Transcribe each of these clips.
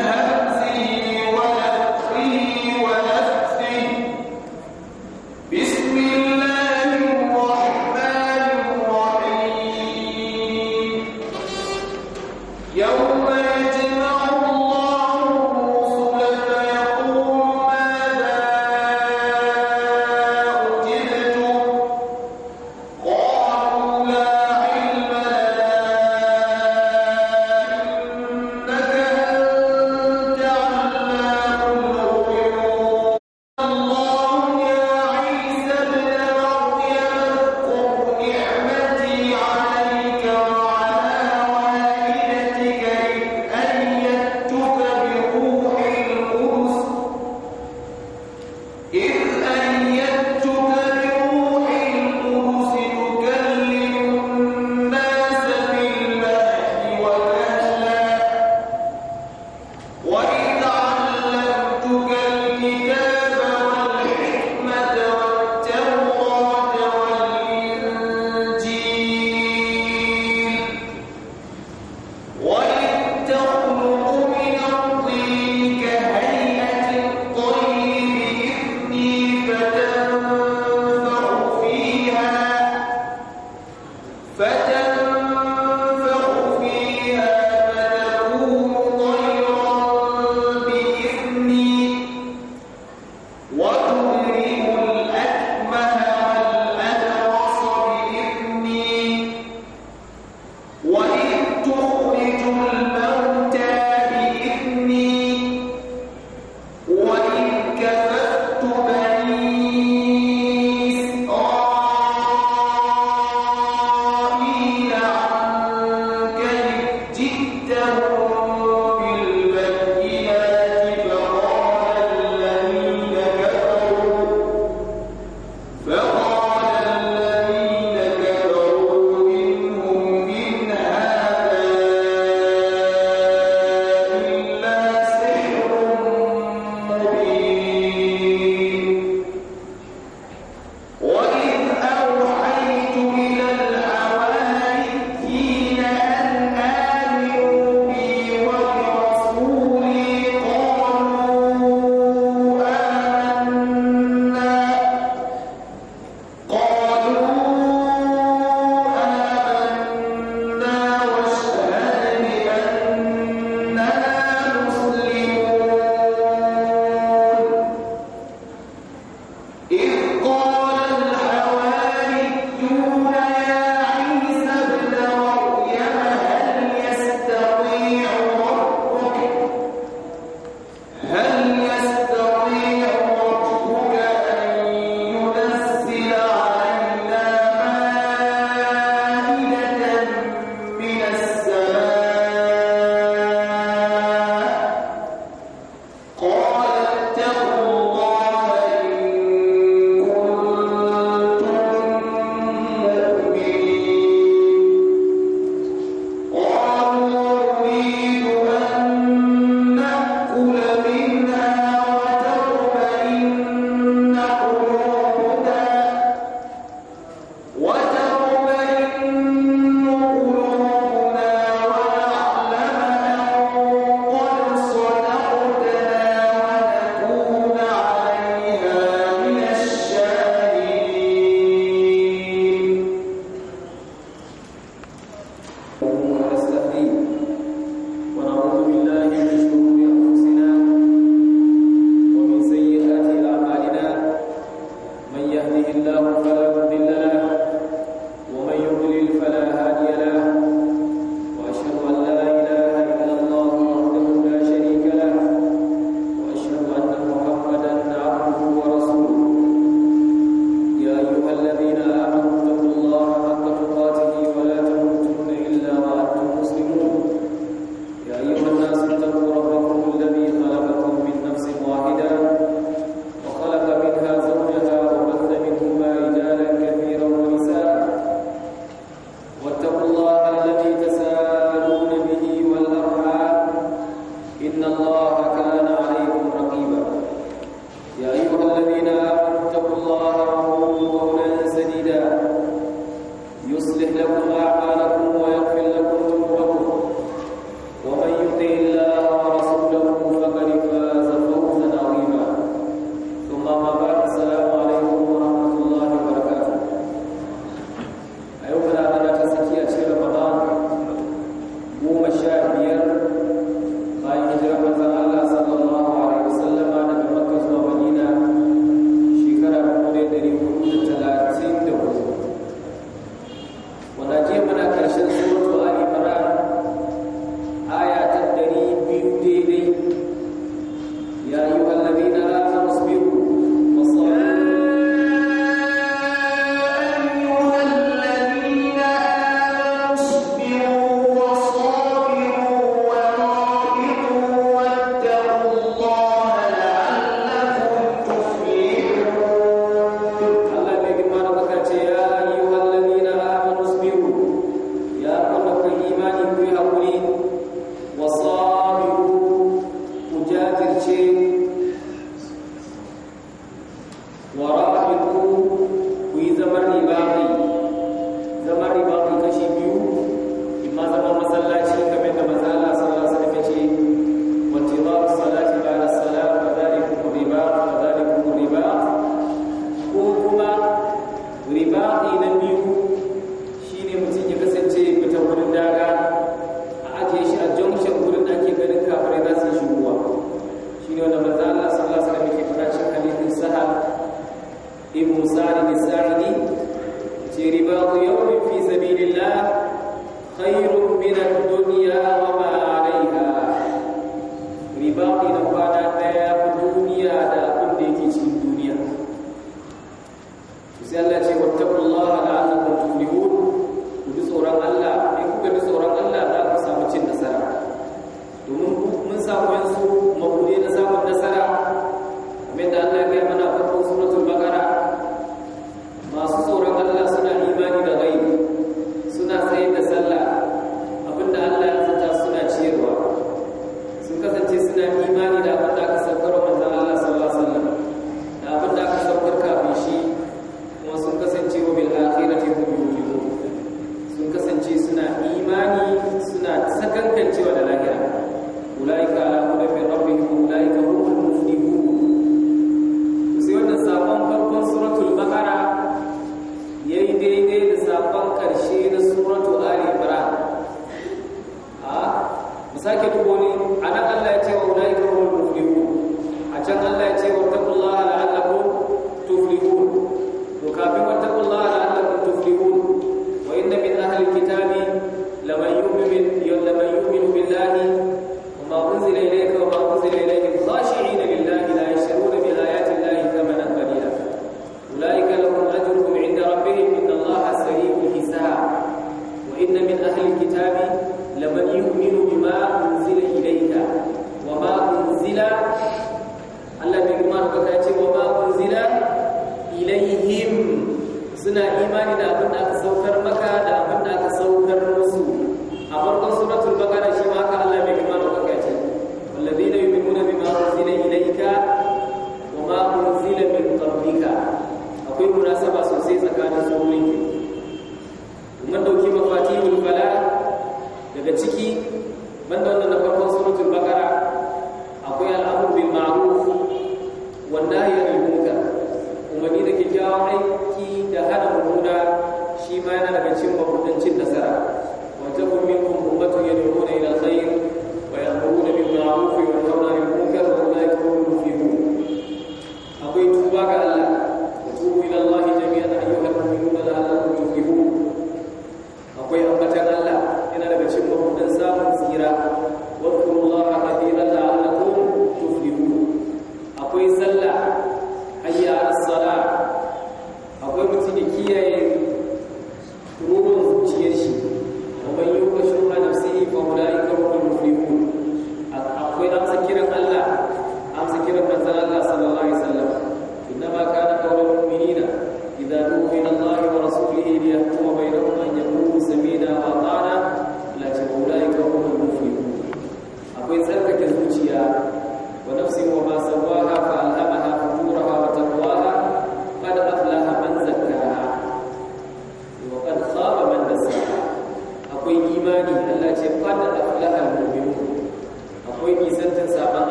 هَزِيمٌ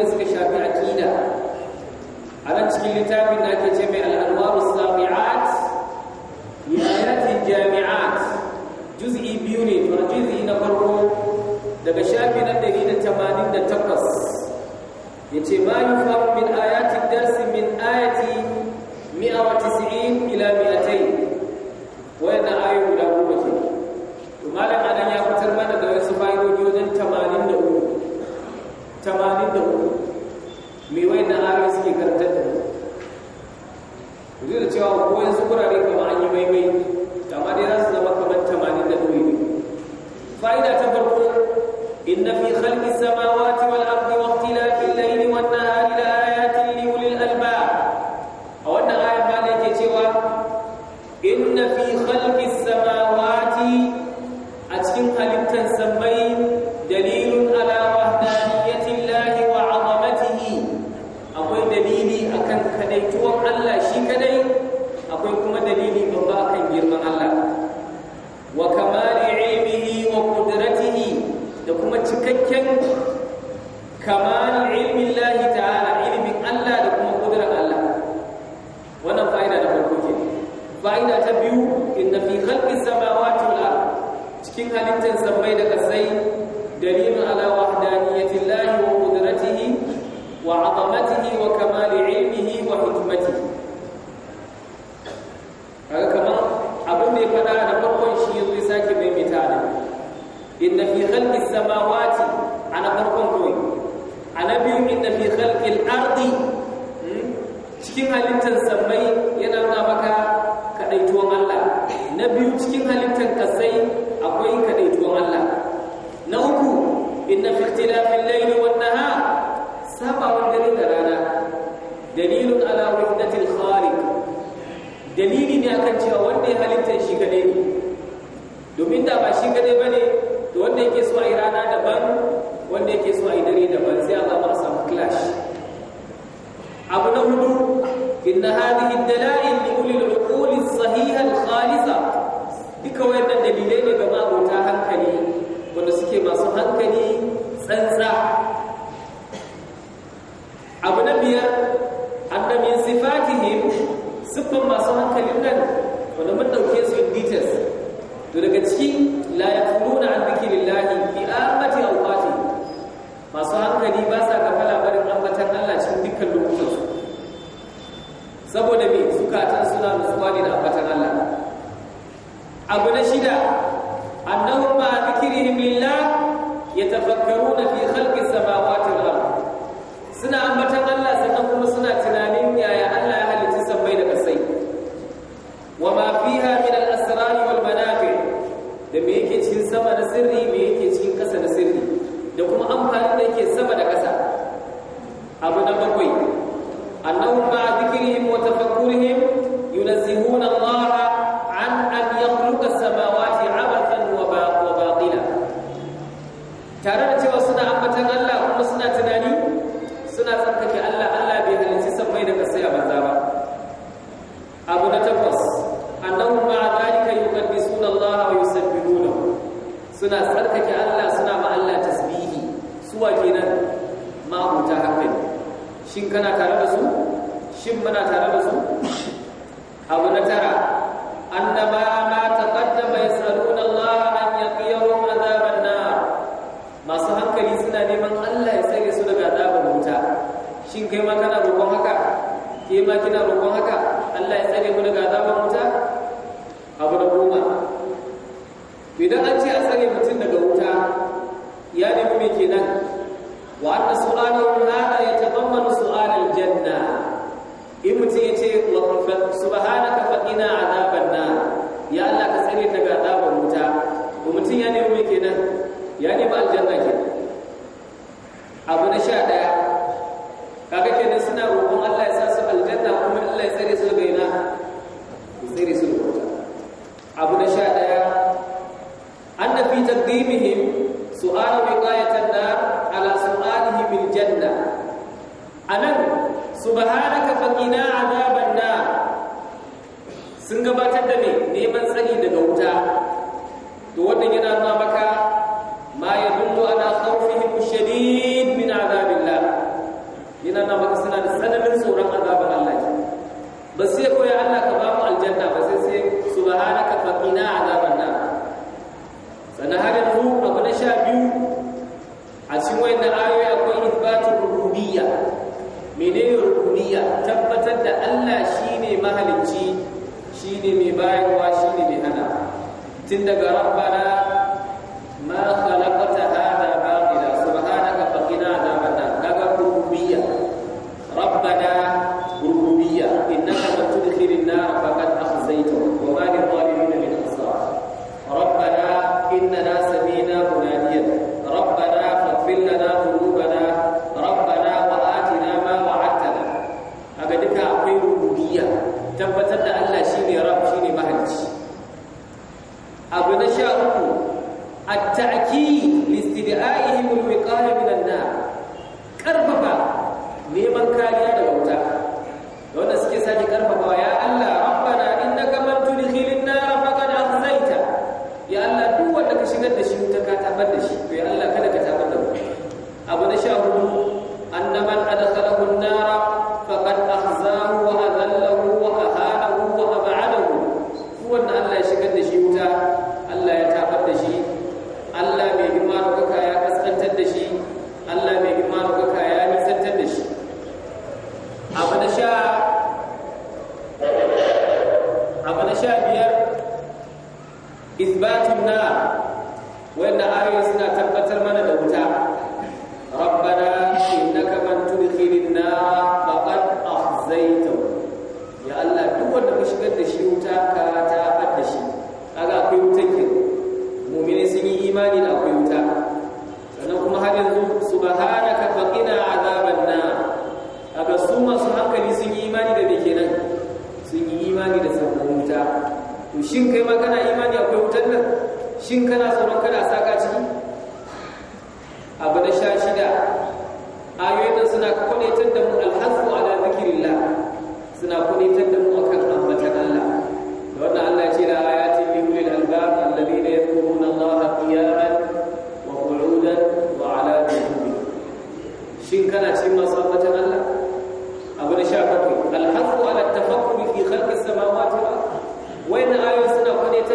da suka shafi aqida a cikin littafin da ake ce mai al'anwarus sami'at yayatin jami'at juz'i biyu ne to juz'i na farko daga shafi na 188 yace ma yufaru min ayati darsi min ayati 190 ila 200 wayannan ayoyi guda goma ke to tamanin da uku mai wai na ari suke karantar da mu da cewa ko yanzu kurare kama an yi maimai amma dai za su zama kamar tamanin da ɗoyi fa'ida ta farko inna fi khalqis samawati su shin muna tare da su abu na tara annaba ma taqaddama yasaluna Allah an yaqiyahum azaban nar masu hankali suna neman Allah ya sake su daga azabar wuta shin kai ma kana roƙon haka ke ma kina roƙon haka Allah ya sake mu daga azabar wuta abu na goma idan an ce Gracias.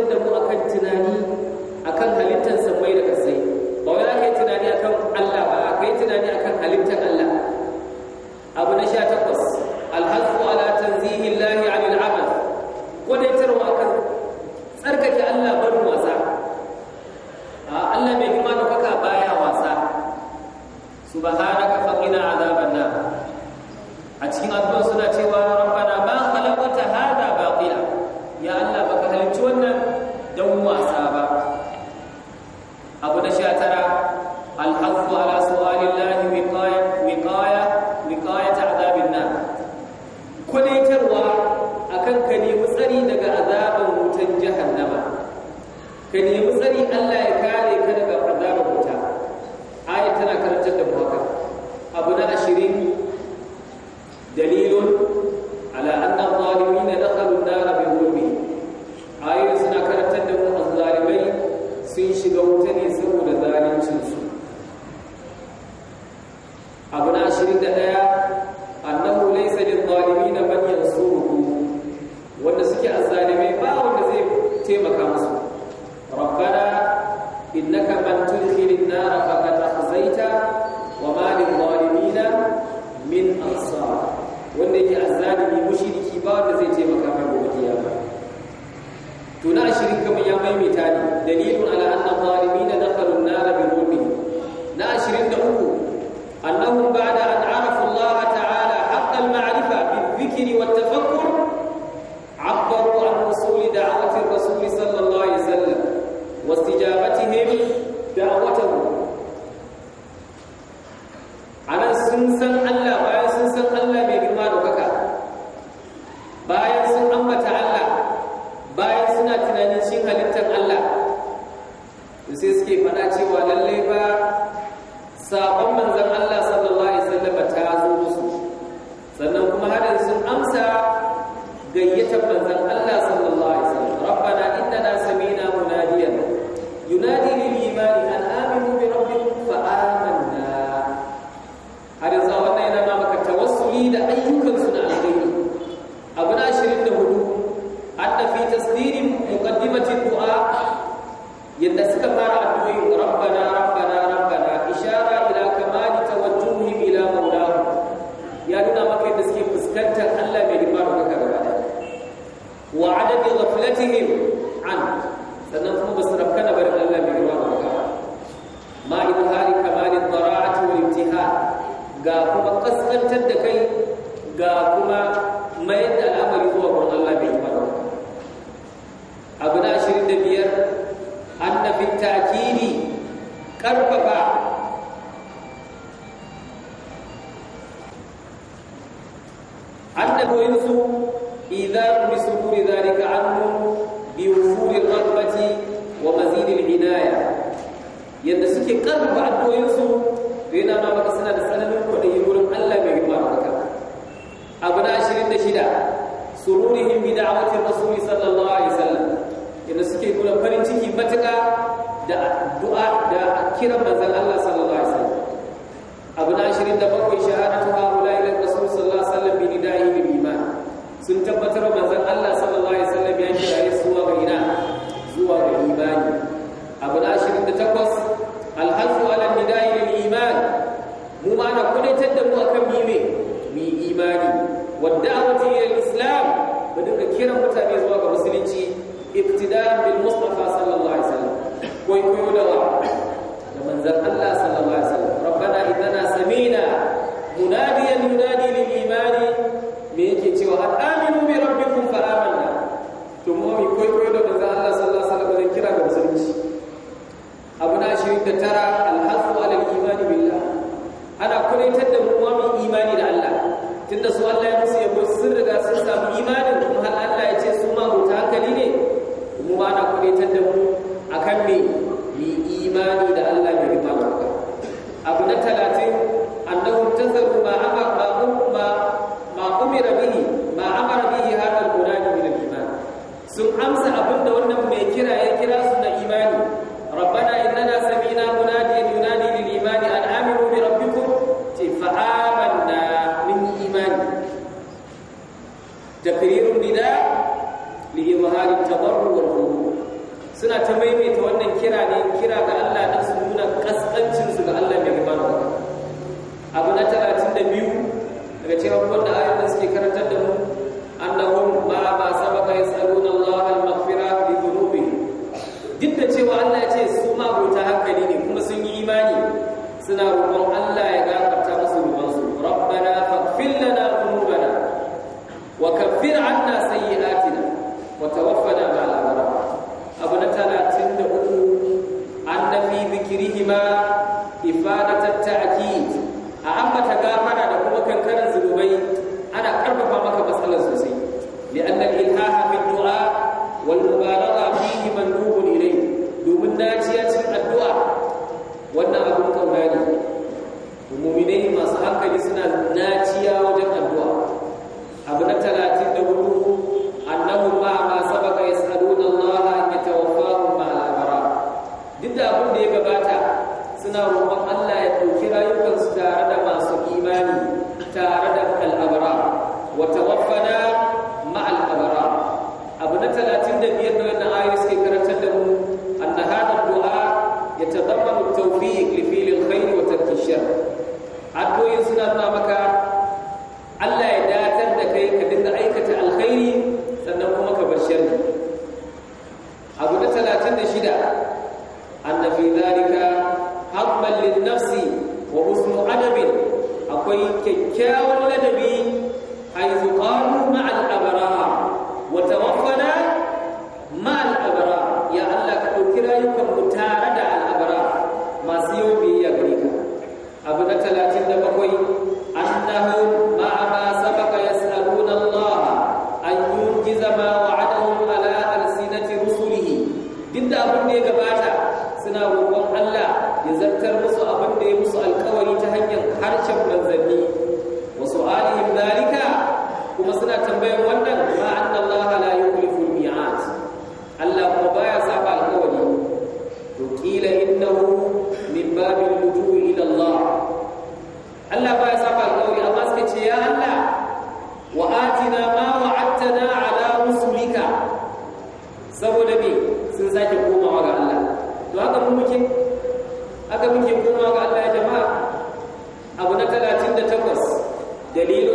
da mu akan tunani sun sake komawa ga Allah to haka mun muke haka muke komawa ga Allah ya jama'a abu na 38 dalilin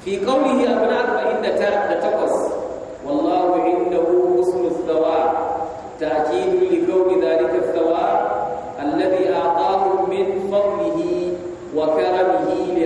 fi qawlihi abna 48 wallahu indahu husnul thawab ta'kid li qawli dhalika ath-thawab alladhi a'tahu min fadlihi wa karamihi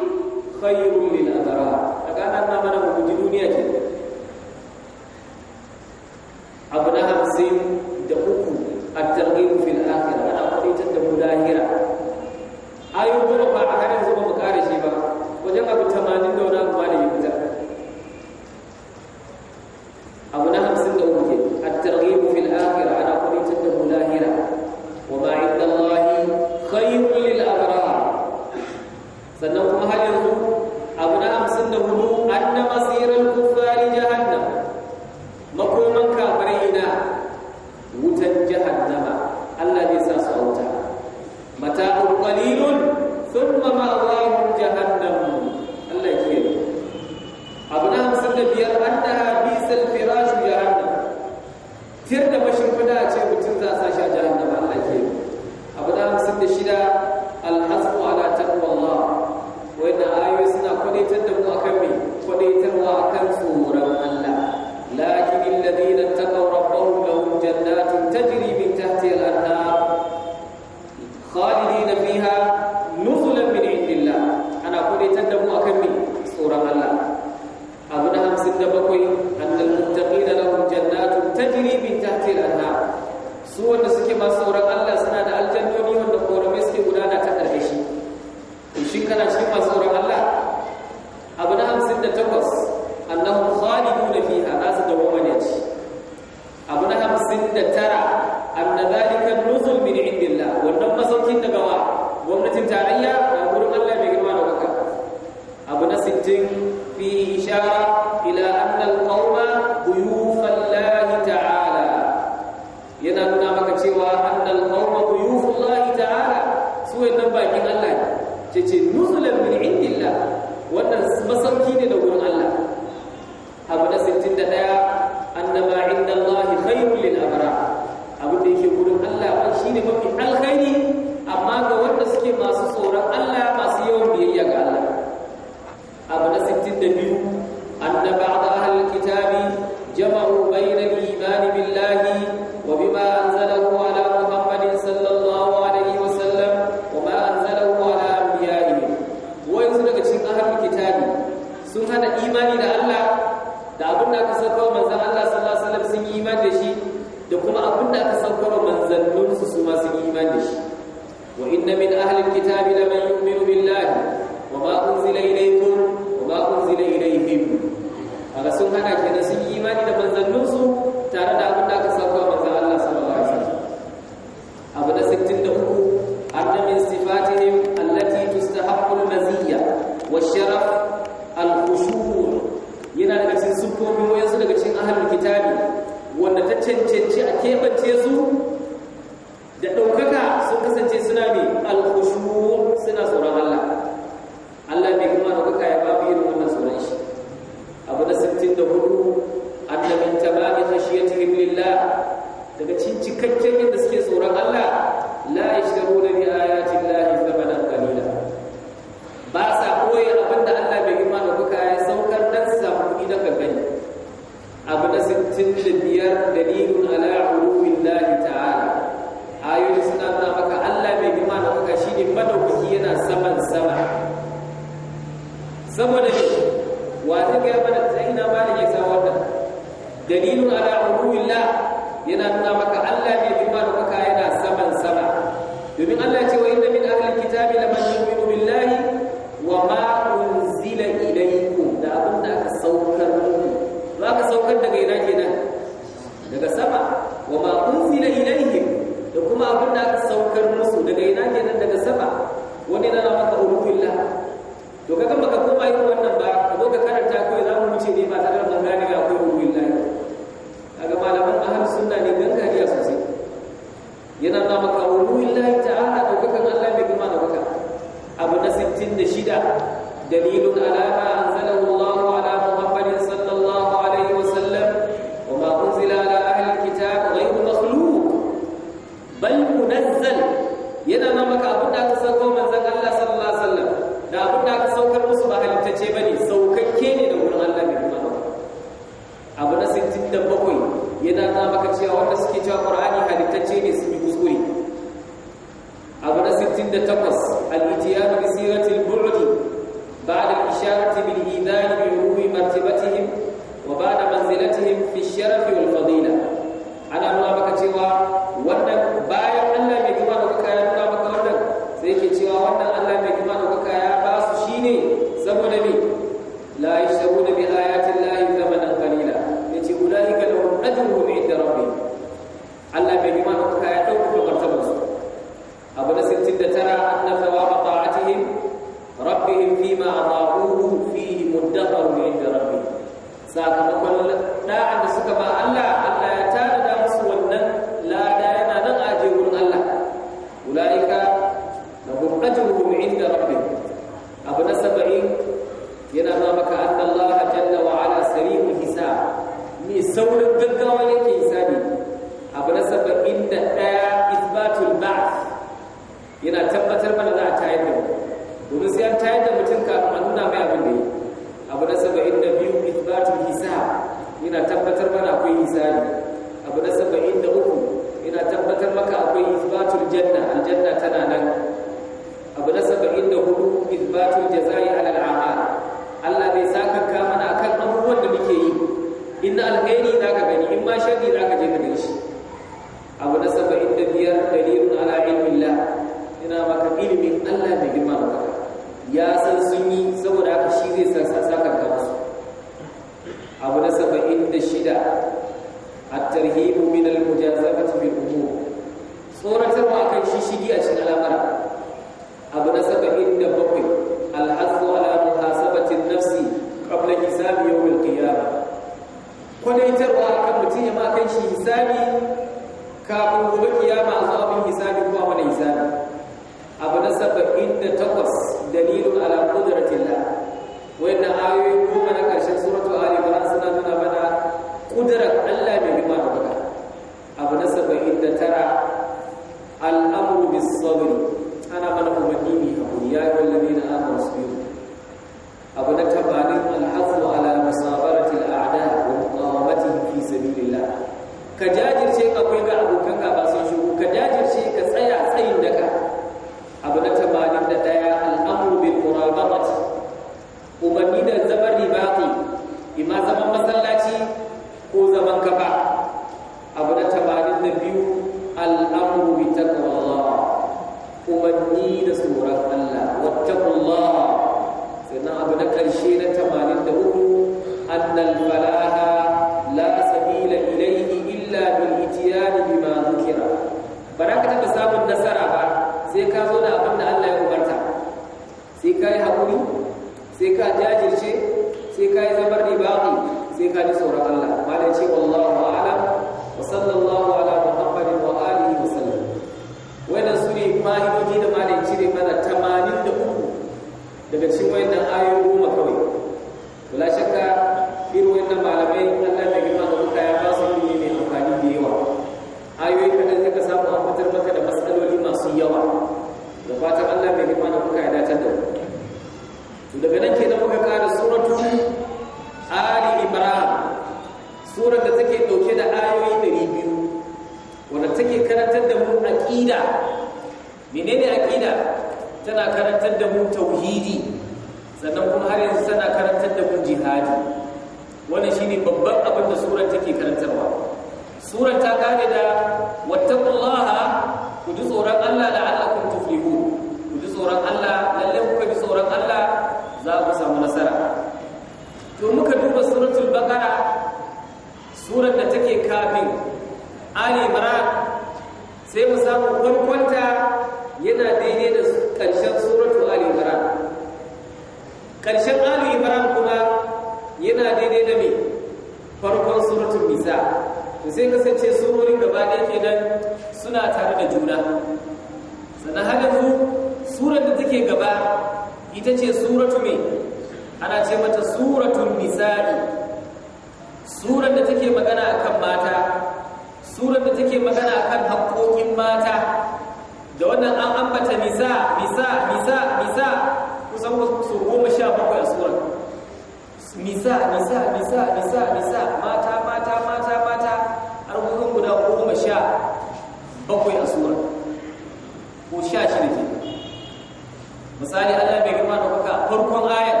misali Allah bai girma da kuka farkon ayar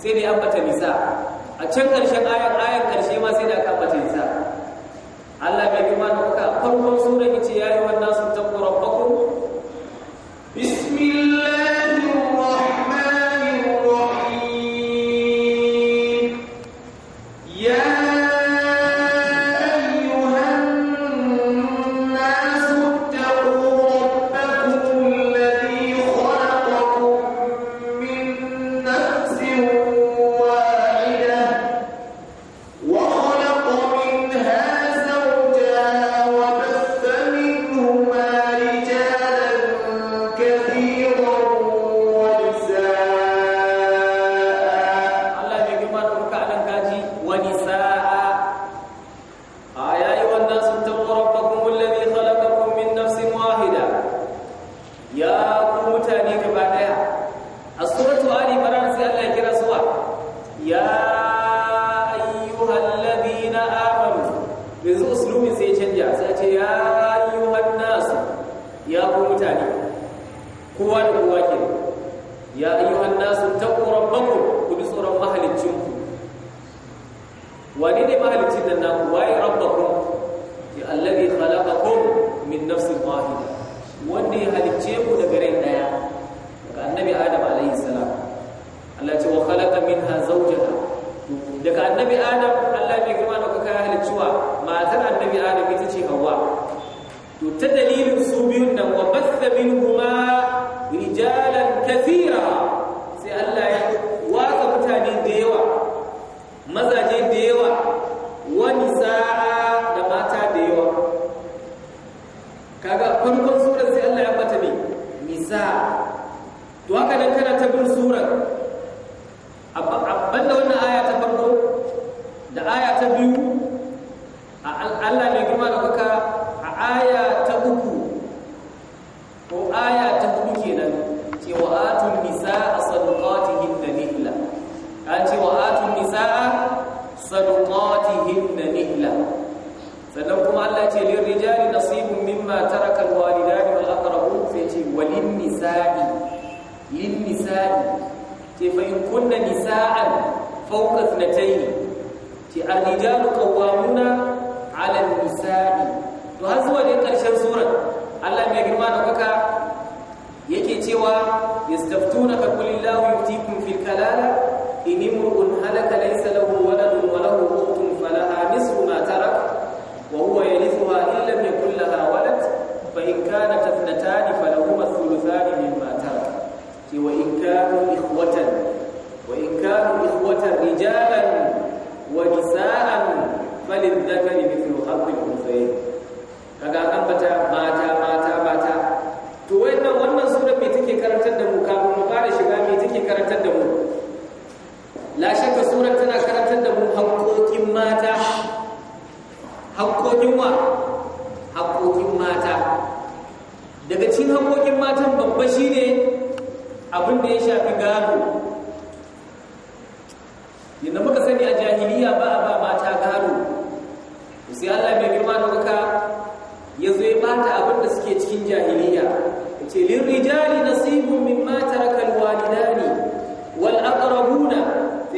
sai da ambata nisa a can ƙarshen ayar ayar ƙarshe ma sai da aka ambata nisa Allah bai girma da kuka farkon sura ce yayi wannan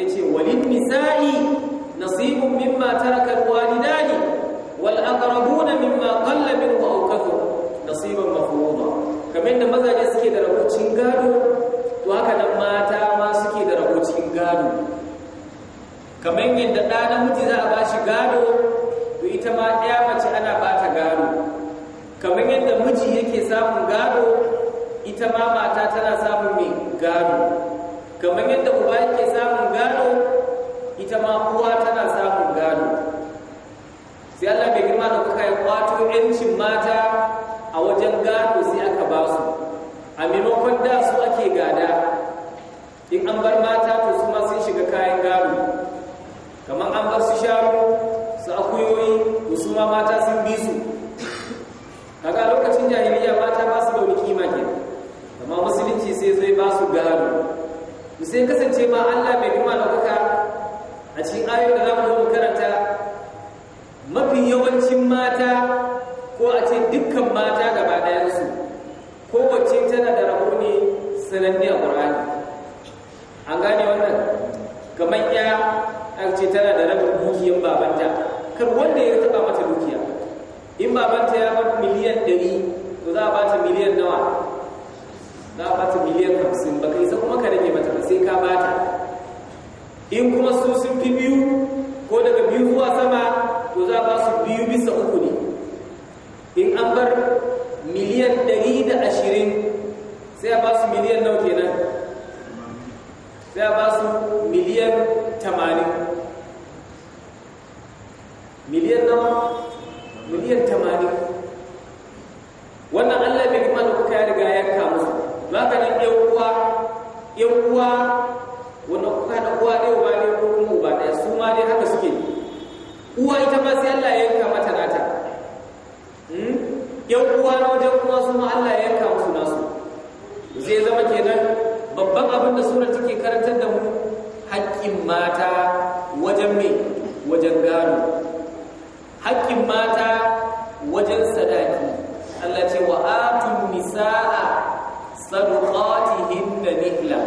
yace walin nisa'i nasibun mimma taraka walidani wal aqrabuna mimma qalla minhu aw nasiban mafruḍa kamar da mazaje suke da rabucin gado to haka nan mata ma suke da rabucin gado kamar yadda ɗa namiji za a bashi gado to ita ma ɗaya mace ana bata gado kamar yadda miji yake samun gado ita ma mata tana samun mai gado kamar yadda uba yake samun ita ma uwa tana samun gado sai Allah bai girma da kuka yi kwato yancin mata a wajen gado sai aka ba su a maimakon da su ake gada in an bar mata to su ma sun shiga kayan gado kamar an bar su sharo su akuyoyi to su ma mata sun bi su kaga lokacin jahiliya mata ba su da kima ke amma musulunci sai zai ba su gado sai kasance ma Allah bai girma da kuka a cikin ayoyin da za mu zo karanta mafi yawancin mata ko a ce dukkan mata gaba ko wacce tana da rabo ne sananne a ƙur'ani an gane wannan kamar ya a ce tana da rabin dukiyar babanta kar wanda ya taba mata dukiya in babanta ya bar miliyan ɗari to za a bata miliyan nawa za a bata miliyan hamsin baka isa kuma ka rage mata sai ka bata in kuma su sun fi biyu ko daga biyu zuwa sama to za ba su biyu bisa uku ne in an bar miliyan ɗari da ashirin sai a ba su miliyan nau kenan sai a ba su miliyan tamanin miliyan nau, miliyan tamanin wannan allah bai kuma da kuka ya riga ya kamu ba ka nan uwa ita ma sai Allah ya yanka mata nata hmm? yan uwa na wajen kuma su ma Allah ya yanka musu nasu zai zama kenan babban abin da surar take karantar da mu haƙƙin mata wajen me wajen gano haƙƙin mata wajen sadaki Allah ce wa atun nisaa sadaqatihinna nihla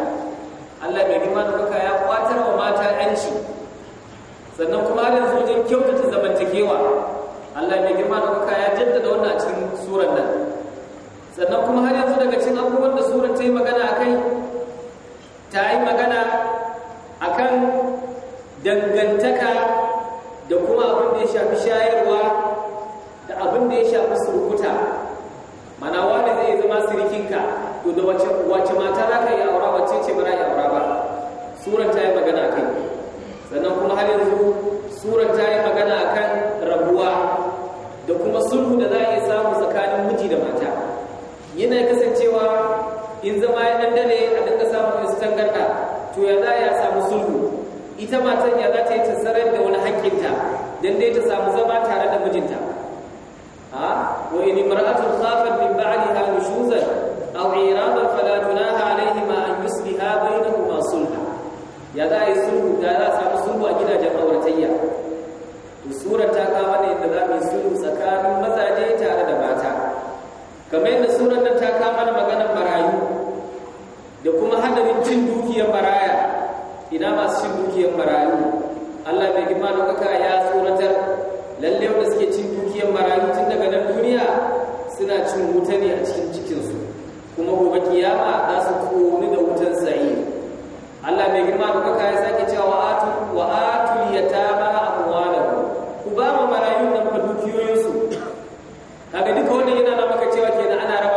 Allah bai nima da kuka ya kwatar wa mata yanci sannan kuma da kyautata zamantakewa Allah mai girma da kuka ya jaddada wannan a cikin surar nan sannan kuma har yanzu daga cikin abubuwan da surar ta yi magana a kai ta yi magana a kan dangantaka da kuma abin da ya shafi shayarwa da abin da ya shafi surukuta mana wani zai zama sirikinka to da wace mata za ka yi aura wace ce ba za yi aura ba surar ta yi magana a kai sannan kuma har yanzu surar ta yi magana a kan rabuwa da kuma sulhu da za a iya samu tsakanin miji da mata yana kasancewa in zama ya dandane a dinga samun wasu garka, to ya za ya samu sulhu ita matan ya za ta yi tasarar da wani hakkinta don dai ta samu zama tare da mijinta wa in imra'atun khafat min ba'liha nushuzan aw iradan fala ya za a yi sulhu ya za a samu sulhu a gidajen auratayya to surar ta ka ne da za mu yi sulhu tsakanin mazaje tare da mata kamar yadda surar nan ta ka mana maganar marayu da kuma hadarin cin dukiyar maraya ina masu cin dukiyar marayu Allah bai gima da kaka ya tsoratar lalle wanda suke cin dukiyar marayu tun daga nan duniya suna cin wuta ne a cikin cikinsu kuma gobe kiyama za su koni da wutan sa'i Allah mai girma da kuka ya sake cewa wa atu wa atul yatama amwalahum ku ba mu marayun nan fa su kaga duka wannan yana na maka cewa kenan ana raba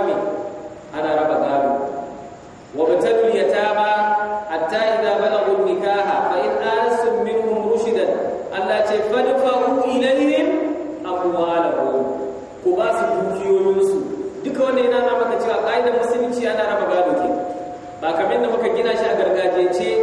gina shi a gargajiyance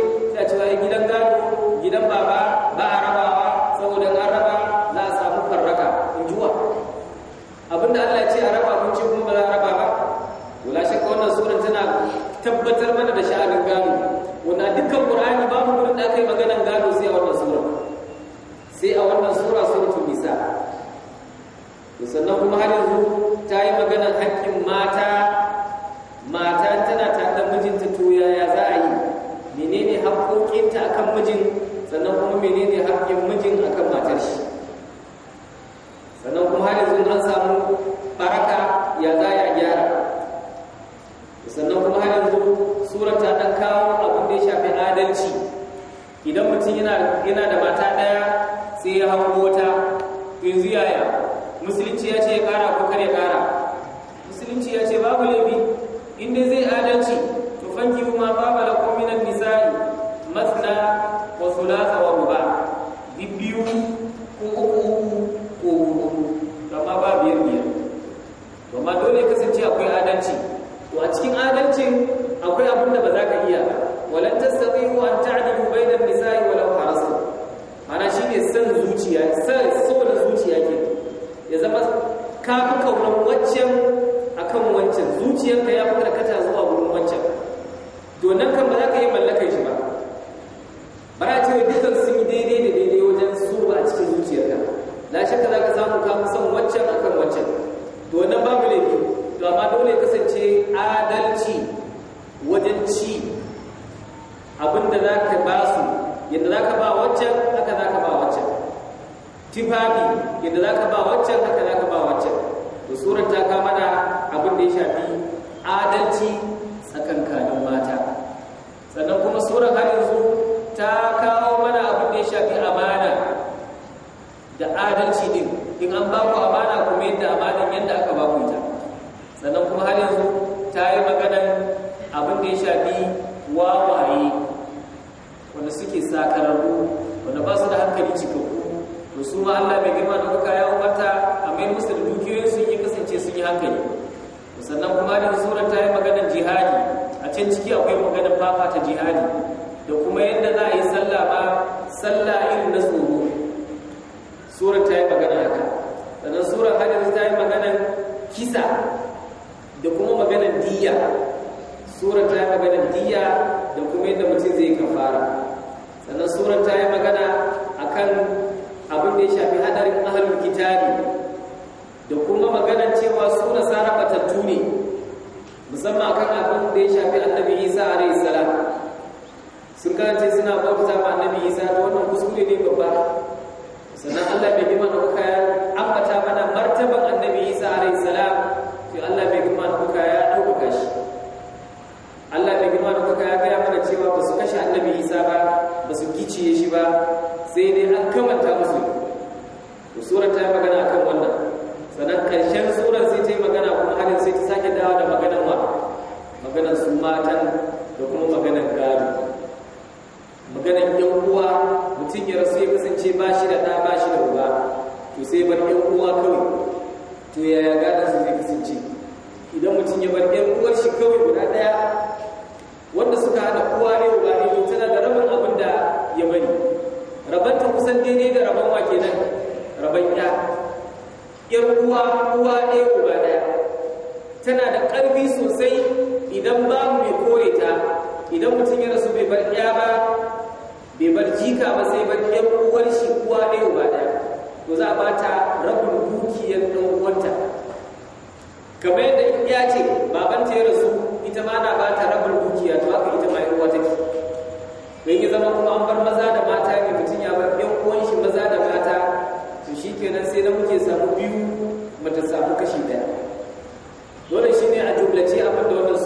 sannan Allah mai sai bar ɗan uwa kawai to yaya gadon su zai kasance idan mutum ya bar ɗan uwar shi kawai guda ɗaya wanda suka haɗa uwa ne uba ne to tana da rabin abin da ya bari ta kusan daidai da rabon wa kenan rabon ya yar uwa uwa ɗaya uba ɗaya tana da ƙarfi sosai idan babu mai kore ta idan mutum ya rasu bai bar ɗaya ba bai bar jika ba sai bar ɗan uwar shi uwa ɗaya uba ɗaya to za a bata rabin dukiyar ɗan uwanta kamar yadda in ya ce baban ta ya rasu ita ma na bata rabin dukiya to haka ita ma yan take bai yi zama kuma an bar maza da mata ne mutum ya bar yan uwan shi maza da mata to shi kenan sai na muke samu biyu mata samu kashi ɗaya. dole ne a jumlace abin da wannan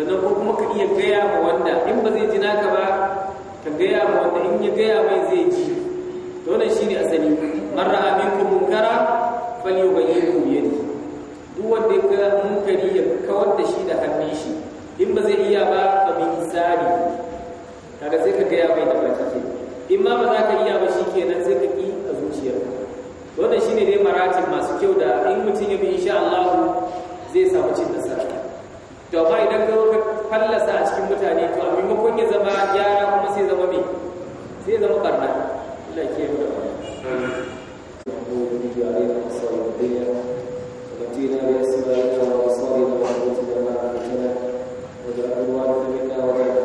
sannan ko kuma ka iya gaya ma wanda in ba zai ji naka ba ka gaya ma wanda in ya gaya mai zai ji to wannan shine asali marra aminku munkara falyughayyirhu bi yadihi duk wanda ya munkari ya kawar da shi da hannun shi in ba zai iya ba ka bi misali kaga sai ka gaya mai da baki ke in ma ba za ka iya ba shi kenan sai ka ki a zuciyarka wannan shine dai maratin masu kyau da in mutum ya bi insha Allah zai samu cin nasara to amma idan ka ka fallasa a cikin mutane to a maimakon ya zama kuma sai zama mai sai zama barna Allah ke da